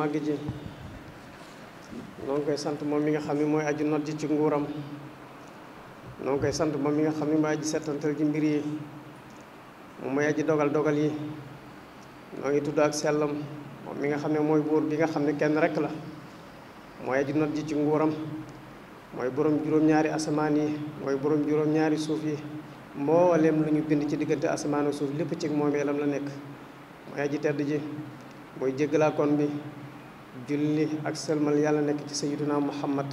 màgg ji noo ngi koy sant moom mi nga xam ne mooy aju not ji ci nguuram noo ngi koy sant mi nga xam ne mooy aji settantal ji mbir yi aji dogal dogal yi noo ngi tudd ak sellam moom mi nga xam ne mooy buur bi nga xam ne kenn rek la mooy aji not ji ci nguuram mooy borom juróom-ñaari asamaan yi mooy borom juróom-ñaari suuf yi mboolem lu ñu bind ci diggante asamaan ak suuf lépp ci moomeelam la nekk mooy aji tedd ji mooy kon bi julli ak sëlmal yàlla nekk ci sayyiduna muhammad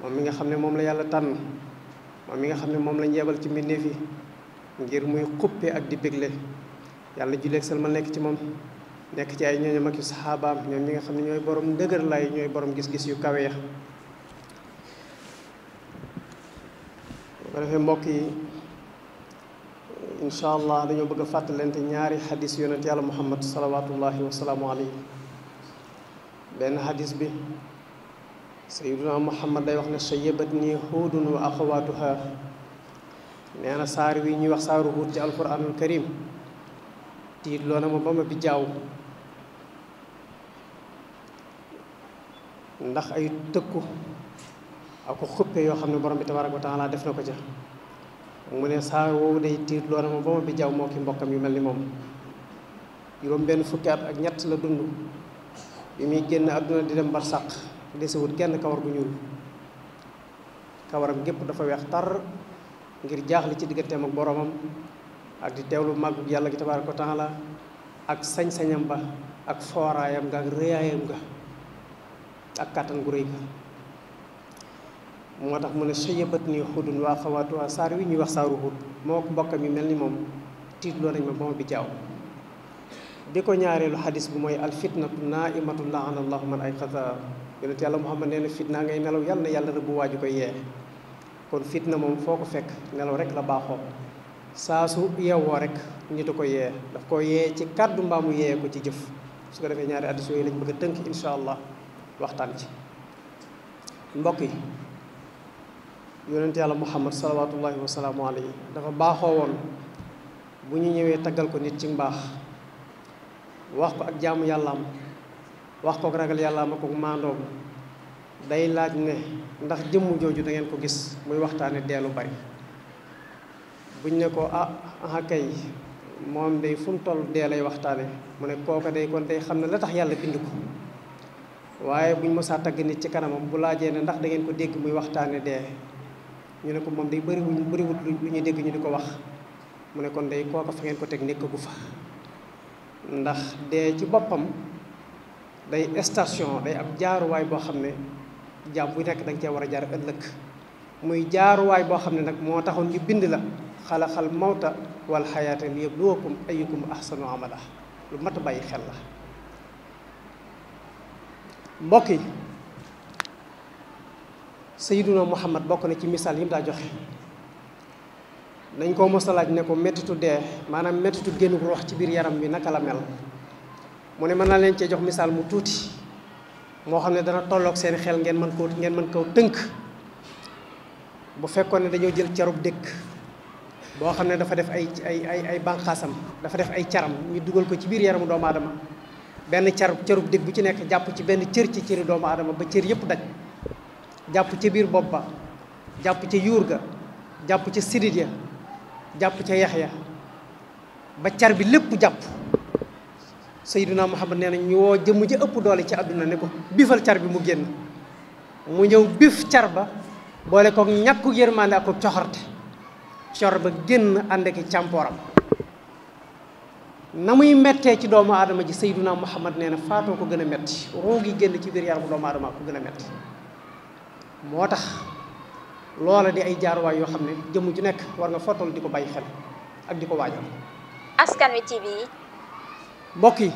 moom mi nga xam ne moom la yàlla tànn moom mi nga xam ne moom la njeebal ci mbindeef yi ngir muy xuppe ak di bégle yàlla julli ak sëlmal nekk ci moom nekk ci ay ñooñu mag yu saxaabaam ñoom ñi nga xam ne ñooy borom ndëgër lay ñooy borom gis-gis yu kawe ya ko defee mbokk yi incha allah dañoo bëgg a fàttalante ñaari xadis yonent yàlla muhammad salawatullahi wasalaamu alayhi benn xadis bi sayyiduna muhammad day wax ne sayyabat nii huudun wa axawaatuha nee na saar wi ñuy wax saaru huut ci alquranul karim tiit loo na ma ba ma bi jaaw ndax ay tëkku ak ko xuppe yoo xam ne borom bi tabaaraka wa taala def na ko ca mu ne saar woowu day tiit loo na ma ba ma bi jaaw moo ki mbokkam yu mel ni moom juróom benn fukki at ak ñett la dund bi mi genn aduna di dem barsàq desewut kenn kawar gu ñuul kawaram gep dafa wex tar ngir jaaxle ci digganteem ak boromam ak di teewlu mag yalla gi tabaraku taala ak sañ-sañam ba ak forayam ga ak reyaayam ga ak katan gu reey ga motax mu ne sëyabat khudun wa khawatu xawaatuwaa saar wi ñu wax saru xud moko mel ni nañ ma bama bi jaaw diko ñaare lu hadith bu moy al fitnatu na'imatu imatu laana allah man ay xasa yonent yàlla muhammad neena fitna ngay nelaw yalla na yàlla rëbb waaju ko kon fitna mom foko fek nelaw rek la baxo saa su yeewoo iya rek nitu ko ye iya. daf ko ye iya, ci kaddu mbamu mu ko ci jëf su ko defé ñaari hadith yooyu lañ bëgg teunk inshallah waxtan ci mbokk yi yonent yalla muhammad sallallahu alaihi wasallam dafa baxo won bu ñu ñëwee ko nit ci mbax wax ko ak jaamu am wax ko ak ragal am ak maandoom day laaj ne ndax jëmm jooju da ngeen ko gis muy waxtaane deelu bari buñ ne ko ah ah kay moom day fu mu toll dee lay waxtaane mu ne kooka day kon day xam ne la tax yàlla bind ko waaye buñ mosaa tagg nit ci kanamam bu laajee ne ndax da ngeen ko dégg muy waxtaane dee ñu ne ko moom day wuñ bëriwut lu ñuy dégg ñu di ko wax mu ne kon day kooka fa ngeen ko teg nekkagu fa ndax dee ci boppam day station day ab jaaruwaay boo xam ne jaam bu nekk da nga cee jaar ëllëg muy jaaruwaay boo xam ne nag moo taxoon ñu bind la xalaxal mawta wal xayaata liyabluwakum ayyukum ahsanu amala lu mat bàyyi xel la mbokk yi sayyiduna muhammad bokk na ci misaal yi mu joxe dañ ko mossa laaj ne ko méttitu dee maanaam méttitu génn ruux ci bir yaram bi naka la mel mu ne mën naa leen cee jox misal mu tuti mo xamne dana tolok seen xel ngeen man ko ngeen man ko teunk bu fekkone dañu jël ciarub dekk bo xamne dafa def ay ay ay ay bànqaasam dafa def ay ciaram ñu duggal ko ci bir yaramu doomu adam ben ciarub ciarub dekk bu ci nek japp ci ben cër ci cëri doomu adam ba cër yep daj japp ci bir bobba japp ci yuur ga ci jàpp ca yaxya ba car bi lépp jàpp sayyiduna muhammad nee na ñu woo jëmm ji ëpp doole ci àdduna ne ko bifal car bi mu génn mu ñëw bif car ba boole kook ñàkku yërmande ak ko coxorte cor ba génn ànd ak càmpooram na muy mettee ci doomu aadama ji sayyiduna muhammad nee na faatoo ko gën a metti ruu gi génn ci biir yaramu doomu aadama ko gën a metti moo tax loola di ay jaaruwaay yoo xam ne jëmm ju nekk war nga fotol di ko bàyyi xel ak di ko waajal. askan wi ci yi. mbokk yi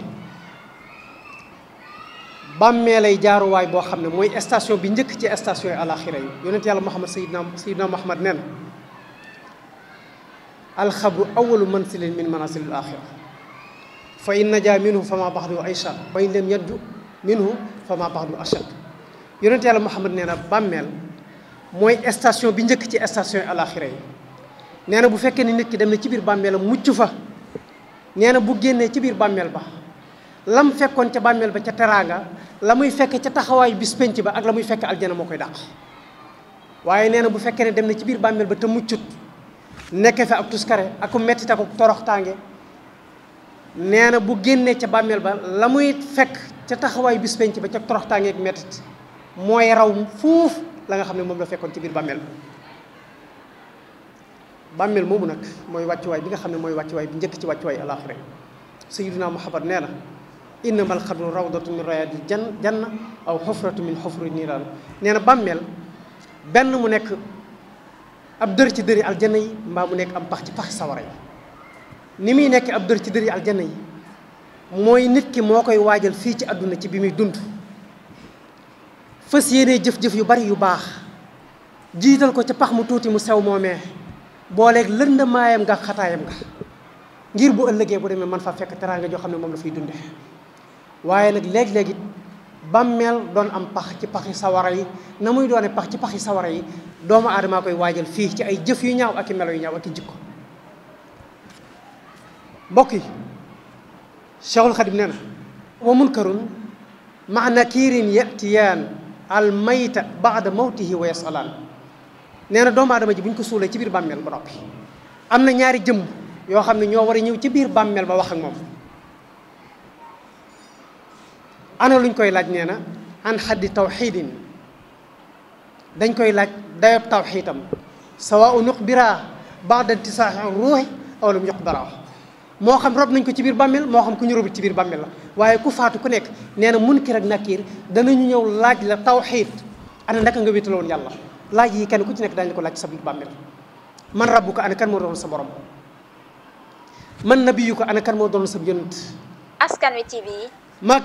bàmmeelay jaaruwaay boo xam ne mooy station bi njëkk ci station yi alaxira yi yonent yàlla Muhammad Seydina Seydina Muhammad nen alxabru awalu mansilin min manasil manasilil axira fa in najaa minhu fa ma baxdu aycha wa in lam yaddu minhu fa ma baxdu achad yonent yàlla Muhammad nee na bàmmeel moy station bi ñëk ci station al yi nee bu fekkee ne nit ki dem na ci bir bammel muccu fa nee bu génné ci bir bammel ba lam fekkon ci bammel ba ci teranga lamuy fekk ci taxaway bis penc ba ak lamuy fekk aljana mo koy dakk waye nee bu fekkee dem na ci bir bammel ba te muccut nekk fa ak tuskare ak tak ak torox tangé na bu génné ci bammel ba lamuy fekk ci taxaway bis penc ba torox tangé ak metti moy raw fuf la nga xamne mom la fekkon ci bir bammel bammel momu nak moy waccu way bi nga xamne moy waccu way bi ñeek ci waccu wàccuwaay alaaxira sayyidina Muhammad neena innamal xabru rawdatu min rayaadil janna aw xufratu min hufri niran neena bammel ben mu nek ab deur ci deuri aljanna yi mba mu nek am pax ci pax sawara yi ni mi nek ab deur ci deuri aljanna yi moy nit ki mokay koy fi ci aduna ci bi mi dund fassiyene jëf-jëf yu bari yu baax jital ko ci pax mu tuti mu sew bolé ak lënd mayam nga xataayam nga ngir bu ëllëgé bu démé man fa fekk tara nga jo xamné mom la fay dunde wayé nak lég léeg bammel don am pax ci paxi sawara yi namuy doone pax ci paxi sawara yi doomu adama koy wajjal fi ci ay jëf yu ñaaw ak melo yu ñaaw ak jikko mbokk yi Cheikhul khadim neena wa munkarun ma'na kirin ya'tiyan الميت بعد موته ويسألان نحن دوم هذا مجبين كسول كبير بامير بروبي أما نياري جم يو خم نيو وري نيو كبير بامير بواخن مم أنا لين كوي لاج نينا أن حد توحيدين دين كوي لاج دايب توحيدم سواء نقبرا بعد انتصاح الروح أو لم يقبراه moo xam rob nañ ko ci biir bàmmeel moo xam ku ñu robit ci biir bàmmeel la waaye ku faatu ku nekk nee na munkar ak nakiir danañu ñëw laaj la tawxiid ana naka nga wéetaloon yàlla laaj yi kenn ku ci nekk daañu ko laaj ci sa biir bàmmeel man rabbu ko ana kan moo doon sa borom man nabiyu ko kan moo doon sa yonent askan wi ci bii maa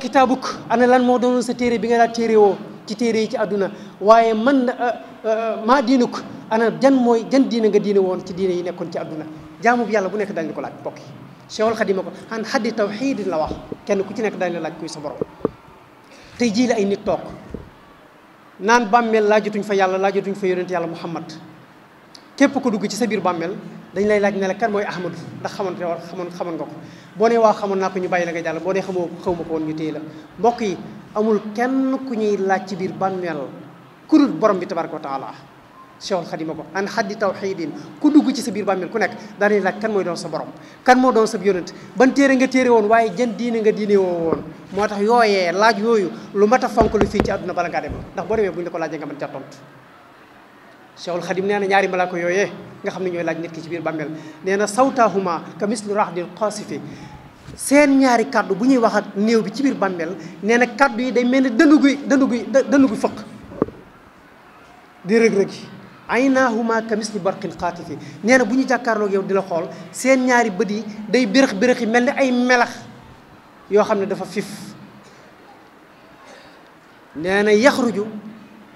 lan moo doon sa téere bi nga daal téere woo ci téere yi ci àdduna waaye man eh, eh, maa diinuk ana jan mooy jan diine nga diine woon ci diine yi nekkoon ci àdduna jaamu yàlla bu nekk daañu la ko laaj bokki شغل خدمة عن حد توحيد الله كان كتير نقدر لا كوي صبره تيجي لأي نتوك نان بامل لا جتون في الله لا جتون في يرنتي على محمد كيف كل دقيقة سبير بامل دين لا لا جن لكر موي أحمد لا خمن تيار خمن خمن غوك بني وا خمن نا كني باي لا جدال بني خمو خمو كون يتيلا بقي أمول كن كني لا تبير بامل كل برم بتبارك وتعالى Cheikhul Khadim ko an haddi tawhidin ku dugg ci sa bir bàmmeel ku nek kan moy do sa borom kan mo do sa yonent ban téré nga téré won waye jën diine nga diine woo woon moo tax laaj yoyu lu mata fonk lu fi ci aduna bala nga dem ndax bo rewé buñ ko laaj nga man ca Cheikhul Khadim neena ñaari mala ko yoyé nga xamni ñoy laaj nit ki ci bir neena sawtahuma ka mislu rahdil qasifi seen ñaari kaddu bu wax ak neew bi ci bir neena kaddu yi day melni dëndu guy dëndu di عيناهما كمثل برق قاتل نيانا بوني جاكارلو يو دي لا خول سين نياري بدي داي برخ برخ ملني اي ملخ يو خامني دا فيف نيانا يخرج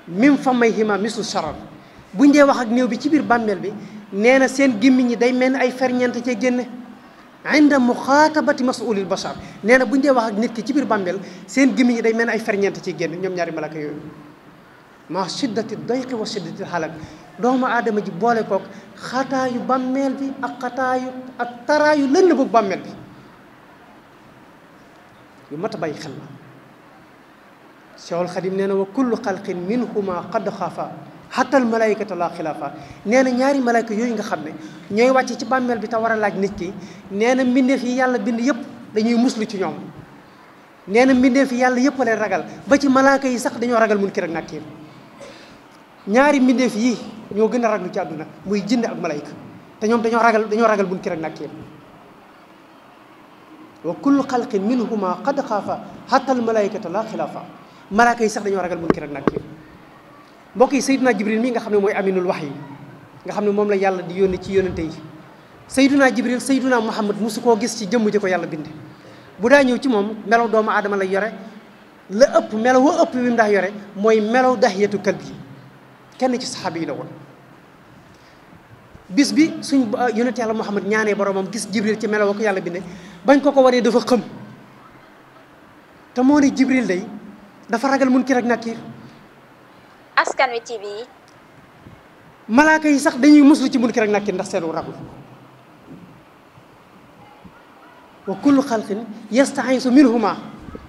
من فميهما مثل شرر بوني دي واخ نيو بي سي بير بامبل بي نيانا سين غيمني داي مين اي فرنت تي ген عند مخاطبه مسؤول البشر نيانا بوني دي واخ نيت كي سي بير بامبل سين غيمني داي مين اي فرنت تي ген نيوم نياري ملاك يوي ما شدة الضيق وشدة الحلق دوما آدم جي بولي كوك خطا يو بامل بي أقطا يو أترا يو لن بو بامل بي يو مات باي خلا سيول خديم نينا وكل خلق منهما قد خافا حتى الملائكة لا خلافا نينا نياري ملائكة يو ينغ خمي نيو واتي تي بامل بي تاورا لاج نتي نينا مني في يالا بني يب يو مسلو تي نيوم نينا مني في يالا يب ولي رغل بچي ملائكة يساق دنيو رغل من كرق ناكير نينا ñaari mindeef yi ñoo gën a raglu ci àdduna muy jind ak malayka te ñoom dañoo ragal dañoo ragal buñ kirak nàkk wa kullu xalqin minhuma qad xaafa hatta al malaykata la xilaafa malaaka yi sax dañoo ragal buñ kirak nàkk mbokk yi sayduna jibril mi nga xam ne mooy aminul wax yi nga xam ne moom la yàlla di yónni ci yónnante yi sayduna jibril sayduna muhammad musu koo gis ci jëmm ji ko yàlla bind bu daa ñëw ci moom melaw doomu aadama la yore la ëpp melaw wa ëpp bi mu daa yore mooy melaw dahiyatu kalbi kenn ci saxaaba yi la woon bis bi suñ yonent yàlla Muhammad ñaanee boromam gis Jibril ci meloo ko yàlla bindee bañ ko ko waree dafa xëm te moo ne Jibril day dafa ragal munkar ak nakiir askan wi ci bii malaaka yi sax dañuy muslu ci munkar ak nakiir ndax seenu raglu wa kullu xalqin yastaisu minhuma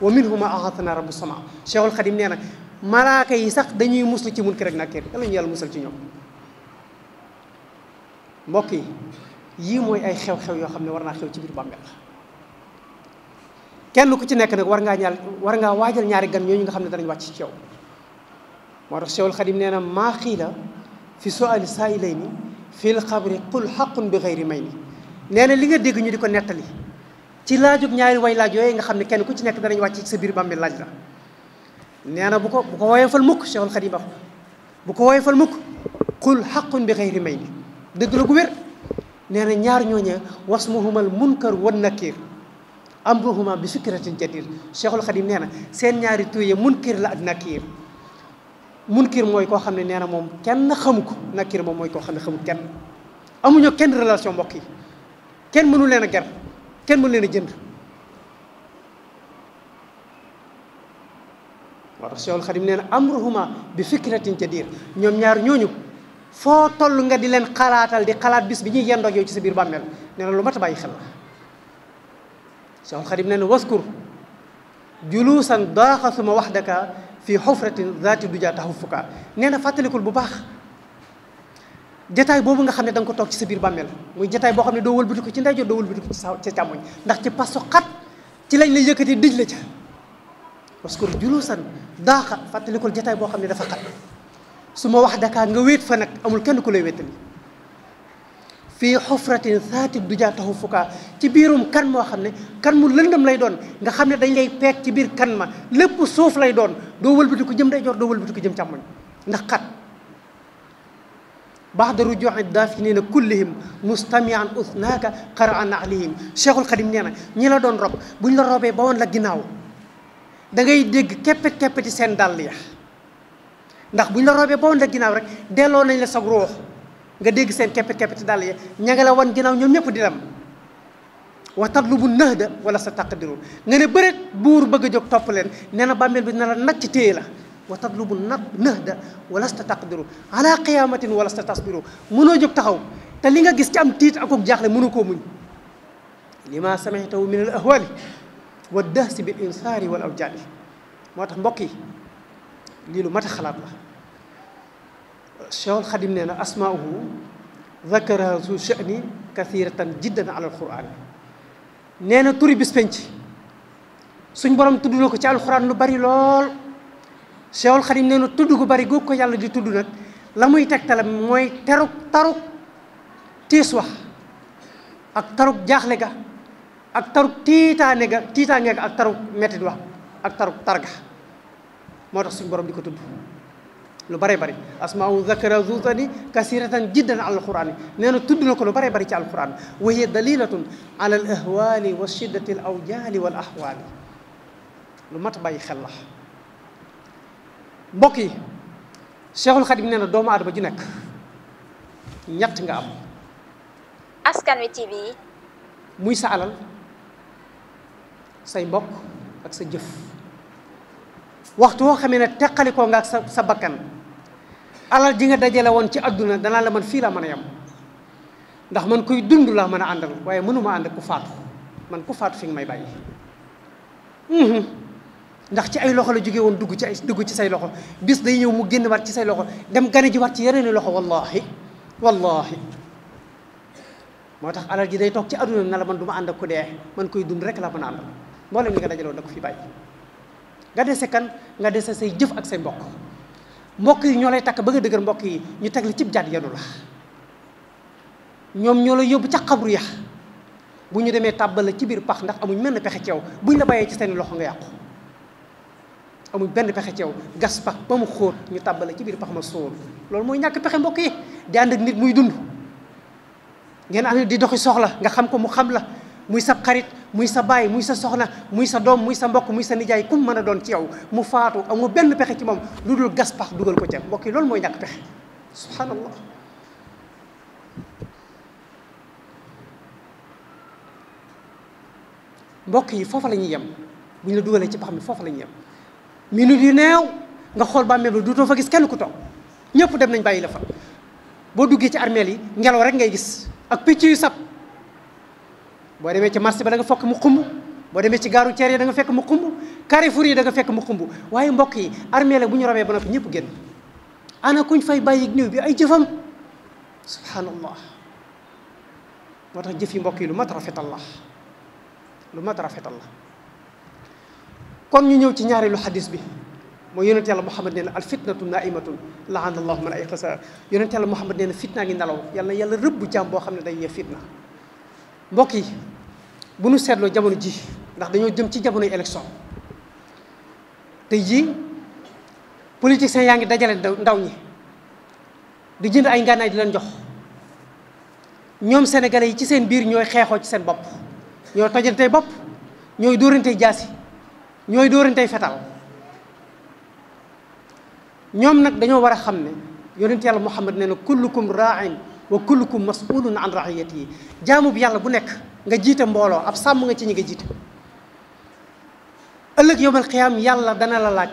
wa minhuma axatana rabbu sama Cheikhul Xadim nee na malaaka yi sax dañuy musul ci munkir ak nakir yàlla ñu yàlla musul ci ñoom mbokk yi yii mooy ay xew-xew yoo xam ne war naa xew ci biir bàmmeel kenn ku ci nekk nag war ngaa ñaar war ngaa waajal ñaari gan ñooñu nga xam ne danañ wàcc ci yow moo tax Cheikhul Khadim nee na maa xiila fi suali saa'ilayni al xabri qul xaqun bi ghayri mayni ni nee na li nga dégg ñu di ko nettali ci laajug ñaari way laaj yooyu nga xam ne kenn ku ci nekk danañ wàcc ci sa biir bàmmeel laaj la نانا بوكو بوكو وايف شيخ الخديم بوكو بوكو وايف المك قل حق بغير مين دغ لو كوير نانا ñaar ñoña واسمهما المنكر والنكير امرهما بسكره جدير شيخ الخديم نانا سين ñaari توي منكر لا نكير منكر موي كو خامني نانا موم كين خمكو نكير موم موي كو خامني خمو كين امو كين ريلاسيون مبكي كين منو لينا غير كين منو لينا جند moo tax Seexul Xadim nee na amruhuma bi fikratin tadiir ñoom ñaar ñooñu foo toll nga di leen xalaatal di xalaat bis bi ñuy yendoog yow ci sa biir bàmmeel nee na lu mat a bàyyi xel la Seexul Xadim nee na waskur juluusan daaxa suma waxdaka fi xufratin zaati duja taxufuka nee na fàttalikul bu baax jataay boobu nga xam ne da nga ko toog ci sa biir bàmmeel muy jataay boo xam ne doo wëlbatiku ci ndeyjoor doo wëlbatiku ci sa ci càmmoñ ndax ci paso xat ci lañ la yëkkati dij la ca waskur julusan daaxa fàttalikul jataay boo xam ne dafa su ma wax dakaa nga wéet fa nag amul kenn ku lay wéttali fii xufratin du jaa taxu ci biirum kan moo xam ne kan mu lëndam lay doon nga xam ne dañ lay peeg ci biir kan ma lépp suuf lay doon doo wëlbati ko jëm day jor doo wëlbati ko jëm càmmoñ ndax xat baxda rujuu'i daafiniina kullihim mustamian usnaaka qaran alihim cheikhul xadim nee na ñi la doon rob buñ la robee ba woon la ginnaaw da ngay dégg kepet keppeti sen dal ya ndax buñ la robé bo nda ginaaw rek delo nañ la sag roox nga dégg seen kepet keppeti dal ya ñanga la wan ginaaw ñom ñep di dem wa tatlubu nahda wala sataqdiru taqdiru nga ne bëreet buur bëgg jox top leen neena na bi na nacc tey la wa tatlubu nahda wala sataqdiru ala qiyamatin wala satasbiru mëno jox taxaw te li nga gis ci am tiit ak ak mënu muñ lima sami'tu min al ahwali wadah dahsi bil insaari wal awjaani motax mbokki li lu mata khalat la cheikhul khadim nee asmauhu dhakara su shani kathiratan jiddan ala alquran nee turi bis penc suñ borom tuddu na ci alquran lu bari lol cheikhul khadim nee tuddu gu bari googu ko di tuddu nak lamuy tektal moy teruk taruk tiswa, ak taruk jaxle ga ak taruk tiitaange ga tiitaange ga ak taruk mettit wax ak taruk targa moo tax suñu borom di ko tudd lu bare bari asmaau zakara zuzani kasiratan jiddan ala alqurani nee na tudd na ko lu bare bari ci alquran wa hiya dalilatun ala al ahwali wa shiddati al awjali wal ahwali lu mat bàyyi xel la mbokk yi cheikhul xadim nee na doomu aadama ju nekk ñett nga am askan wi tv muy sa alal say mbokk ak sa jëf waxtu wo xamé na teqalikoo nga ak sa bakkan alal ji nga dajalé won ci da na la man mana la man yam ndax man kuy dund la man andal waye waaye mënuma and ku faatu man ku faatu fi nga may hmm ndax ci ay loxo la jóge won dugg ci ay dugg ci say loxo bis day ñew mu genn war ci say loxo dem gané ji wat ci yeneen loxo wallahi wallahi motax alal ji day tok ci aduna na la man duma and man koy dund rek la man andal mbolé nga dajalo da ko fi bàyyi nga dese kan nga dese say jëf ak say mbokk mbokk yi ñolay tak bëgg dëgër mbokk yi ñu teg la cib jaat yenu la ñom ñolay la ci xabru ya bu ñu démé tabal ci bir pax ndax amuñ menn pexe ceew buñ la bayé ci seen loxo nga yàqu amuñ benn ci yow gas pax ba mu xoot ñu tabal ci bir pax ma soor lool moy ñak pexé mbokk yi di and ak nit muy dund ngeen ànd di doxi soxla nga xam ko mu xam la muy sa xarit muy sa baay muy sa soxna muy sa doom muy sa mbokk muy sa nijaay kum mën a doon ci yow mu faatu amu benn pexe ci moom lu dul gas pax dugal ko ca mbokk yi loolu mooy ñàkk pexe subhanallah mbokk yi foofa la ñuy yem bu ñu la dugalee ci pax mi foofa la ñuy yem minute yu neew nga xool bàmmeel ba duutoo fa gis kenn ku toog ñëpp dem nañ bàyyi la fa boo duggee ci armeel yi ngelaw rek ngay gis ak picc yu sab boo demee ci marché ba da nga fokk mu xumb boo demee ci gaaru ceer yi da nga fekk mu xumb Carrefour yi da nga fekk mu xumb waaye mbokk yi armée la bu ñu ramee ba noppi ñëpp génn ku ñu fay bàyyi néew bi ay jëfam subhanallah moo tax jëf yi mbokk yi lu mat rafetal la lu mat rafetal la kon ñu ñëw ci ñaareelu xadis bi mooy yonent yàlla Muhammad nee na al fitnatu naimatun laana allahu man ayqasa yonent yàlla Muhammad nee na fitnaa ngi nelaw yàlla yàlla rëbb jaam boo xam ne day yee fitna mbokk yi bu nu seetloo jamono ji ndax dañoo jëm ci jamonoy élection tey jii politiciens yaa ngi dajale ndaw ñi di jënd ay ngànnaay di leen jox ñoom sénégalais yi ci seen biir ñooy xeexoo ci seen bopp ñooy tojantey bopp ñooy dóorantey jaasi ñooy dóorantey fetal ñoom nag dañoo war a xam ne yonent yàlla muhammad nee na kullukum raain wa kullukum na an raiyati yi jaamu bi yàlla bu nekk nga jiite mbooloo ab sàmm nga ci ñi nga jiite ëllëg yowmal xiyaam yàlla dana la laaj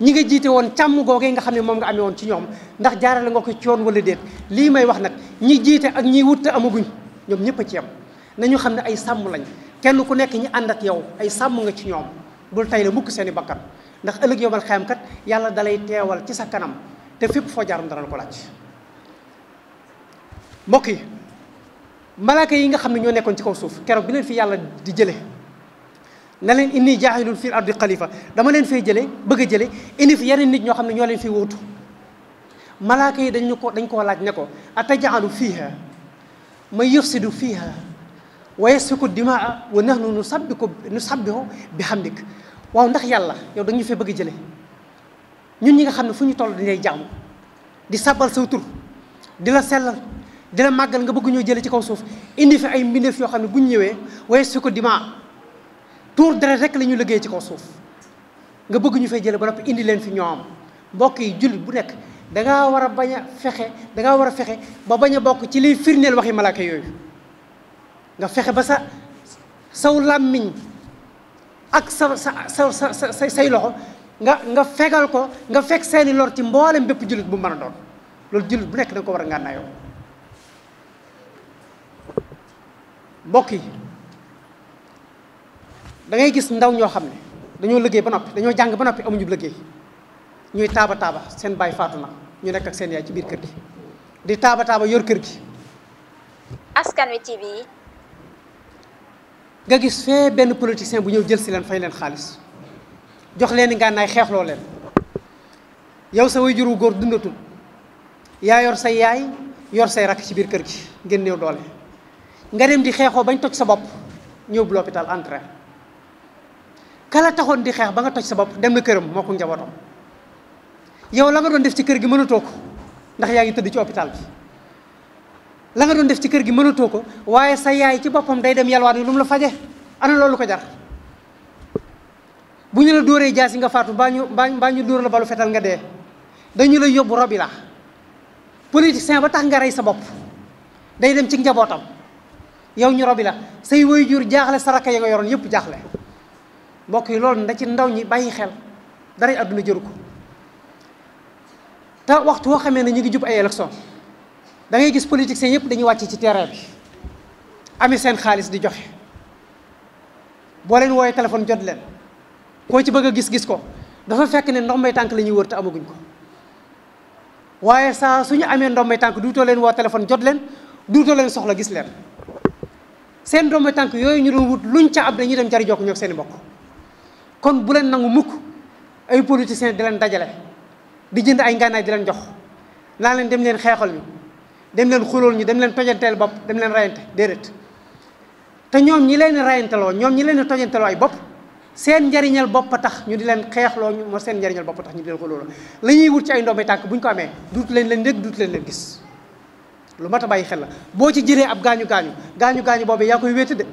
ñi nga jiite woon càmm googee nga xam ne moom nga amee woon ci ñoom ndax jaarale nga ko coon walla déet lii may wax nag ñi jiite ak ñi wut te amaguñ ñoom ñëpp a ci yem nañu xam ne ay sàmm lañ kenn ku nekk ñi ànd ak yow ay sàmm nga ci ñoom bul tey la mukk seen i bakkan ndax ëllëg yowmal xiyaam kat yàlla dalay teewal ci sa kanam te fépp foo jaarum dana la ko mbokk yi malaaka yi nga xam ne ñoo nekkoon ci kaw suuf keroog bi leen fi yàlla di jële na leen inni jaahilun fil ardi xalifa dama leen fay jële bëgg a jële indi fi yeneen nit ñoo xam ne ñoo leen fi wuutu malaaka yi dañu ko dañ koo laaj ne ko atajaalu fiiha man yufsidu fiiha wa yasfiku dimaa wa nahnu nusabbiku nusabbihu bi xam hamdik waaw ndax yàlla yow dañu fee bëgg a jële ñun ñi nga xam ne fu ñu toll dañ jaamu di sabal sa tur di la dina màggal nga bëgguñoo ñoo jëlee ci kaw suuf indi fi ay mbindeef yoo xam ne bu ñu ñëwee waaye su ko dimaa tuur deret rek la ñu liggéey ci kaw suuf nga bëgguñu ñu fay jëlee ba nopp indi leen fi ñoom bokk yi jullit bu nekk danga war a bañ a fexe dangaa war a fexe ba bañ a bokk ci liy firndeel waxi malaaka yooyu nga fexe ba sa saw làmmiñ ak sa sa sa sa say loxo nga nga fegal ko nga fekk seeni lor ci mboolem bépp jullit bu mën a doon loolu bu nekk da ko war a ngànnaayoo mbokki da ngay gis ndaw ño xamne dañu dañoo liggéey ba nopi dañu jang ba nopi amuñu liggéey ñuy taba taba sen bay fatuna ñu nek ak sen yaay ci biir kër gi di taba taba yor kër gi. askan wi tv bii. nga gis fe ben politicien bu ñew jël ci len fay len xaliss jox leen i xex lo len yow sa way juru gor dundatul ya yor say yaay yor say rak ci biir kër gi ngeen néew doole nga dem di xexo bañ toj sa bop ñew bu l'hôpital entré kala taxon di xex ba nga toj sa bop dem na kërëm moko ko yow la nga doon def ci kër gi mënatoo ko ndax yaa ngi tëdd ci hôpital bi la nga doon def ci kër gi mënatoo ko waaye sa yaay ci boppam day dem yalwaat lu mu la faje ana loolu ko jar bu ñu la dóoree jaasi nga faatu bañu ñu baa dóor la balu fetal nga dee dañu la yóbbu robi la politicien ba tax nga rey sa bopp day dem ci njabootam yow ñu robi la say way jur jaaxle saraka ya nga yoroon yëpp jaaxle mbokk yi loolu ndax ci ndaw ñi bàyyi xel daray àdduna jëru ko te waxtu woo xamee na ñu ngi jub ay élection dangay ngay gis politiciens yëpp dañuy wàcc ci terrain bi ame seen xaalis di joxe boo leen wooyee téléphone jot leen koo ci bëgg a gis-gis ko dafa fekk ne ndox may tànk la ñuy wër te amaguñ ko waaye saa suñu amee ndox ndombay tànk du duutoo leen woo téléphone jot leen duutoo leen soxla gis leen seen domba tank yooyu ñu doon wut luñ ca ab dañuy dem jari jokk ñok seen kon bu leen nangu mukk ay politiciens di leen dajale di jënd ay ngànnaay di leen jox naa leen dem leen xeexal ñu dem leen xulool ñu dem leen tojanteel bopp dem leen rayante déedéet te ñoom ñi leen rayanteloo ñoom ñi leen tojanteloo ay bopp seen njariñal bopp tax ñu di leen xeexloo ñu mo seen njariñal bopp tax ñu di leen xulooloo la wut ci ay tànk buñ ko amee duut leen leen rek duut leen leen gis lu mat a bàyyi xel la boo ci jëlee ab gaañu gaañu gaañu gaañu boobu yaa koy wéete de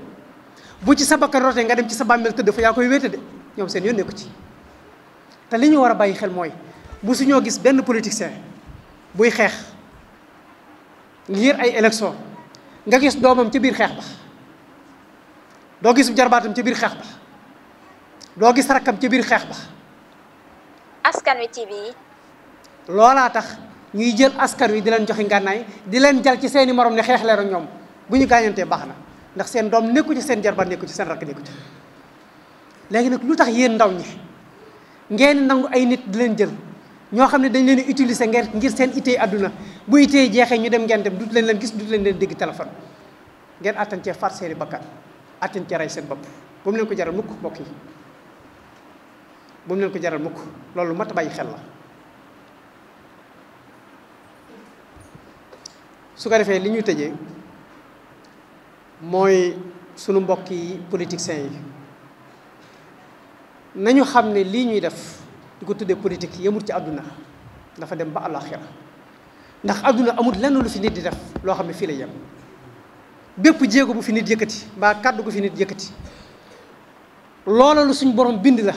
bu ci sa bakkan rotee nga dem ci sa bàmmeel tëdd fa yaa koy wéete de ñoom seen yoon nekku ci te li ñu war a bàyyi xel mooy musu ñoo gis benn politicien buy xeex ngir ay élection nga gis doomam ci biir xeex ba doo gis jarbaatam ci biir xeex ba doo gis rakkam ci biir xeex ba askan wi loolaa tax ñuy jël askar wi di leen joxe ngannaay di leen jal ci seeni morom ne xex leer ak ñom buñu ñu baxna ndax seen dom neeku ci seen jarba neeku ci seen rak neeku ci léegi nak lutax yeen ndaw ñi ngeen nangu ay nit di leen jël ño xamne dañ leen utiliser ngeen ngir seen ité aduna bu ité jexé ñu dem ngeen dem dut leen leen gis dut leen leen dégg téléphone ngeen attan ci far seeni bakkat attan ci ray seen bop bu mu leen ko jaral mukk bokki bu mu leen ko jaral mukk lolu mat bàyyi xel la su ko defee li ñu tëjee mooy sunu mbokk politiciens yi nañu xam ne lii ñuy def di ko tuddee politique yemut ci àdduna dafa dem ba àllaaxira ndax àdduna amul lenn lu fi nit di def loo xam ne fii la yem bépp jéego bu fi nit yëkkati mbaa kàddu gu fi nit yëkkati loola lu suñ borom bind la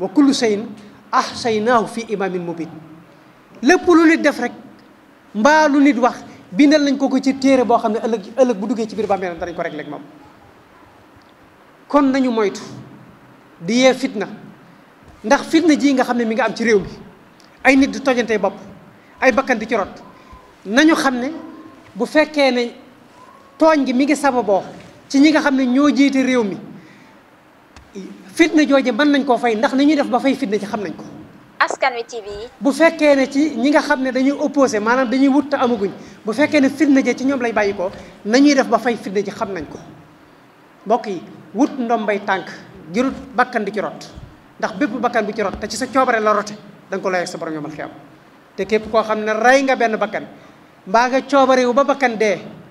wa kullu shayin ahsaynahu fi imamin mubin lépp lu nit def rek mbaa lu nit wax bindal nañ ko ko ci téere boo xam ne ëllëg ëllëg bu duggee ci biir bàmmeelam danañ ko rek léeg moom kon nañu moytu di yee fitna ndax fitna jii nga xam ne mi nga am ci réew mi ay nit di tojante bopp ay bakkan di ci rot nañu xam ne bu fekkee ne tooñ gi mi ngi sababoo ci ñi nga xam ne ñoo jiite réew mi fitna jooje mën nañ koo fay ndax nañuy def ba fay fitna ci xam nañ ko askan wi TV bu fekkee ne ci ñi nga xam ne dañuy opposé maanaam dañuy wut te amaguñ bu fekkee ne fitna ji ci ñoom lay bàyyi ko nañuy def ba fay fitna ji xam nañ ko mbokk yi wut ndombay tànk jërut bakkan di ci rot ndax bépp bakkan bi ci rot te ci sa coobare la rote da nga ko layeeg sa borom yomal xiyam te képp koo xam ne rey nga benn bakkan mbaa nga coobare wu ba bakkan dee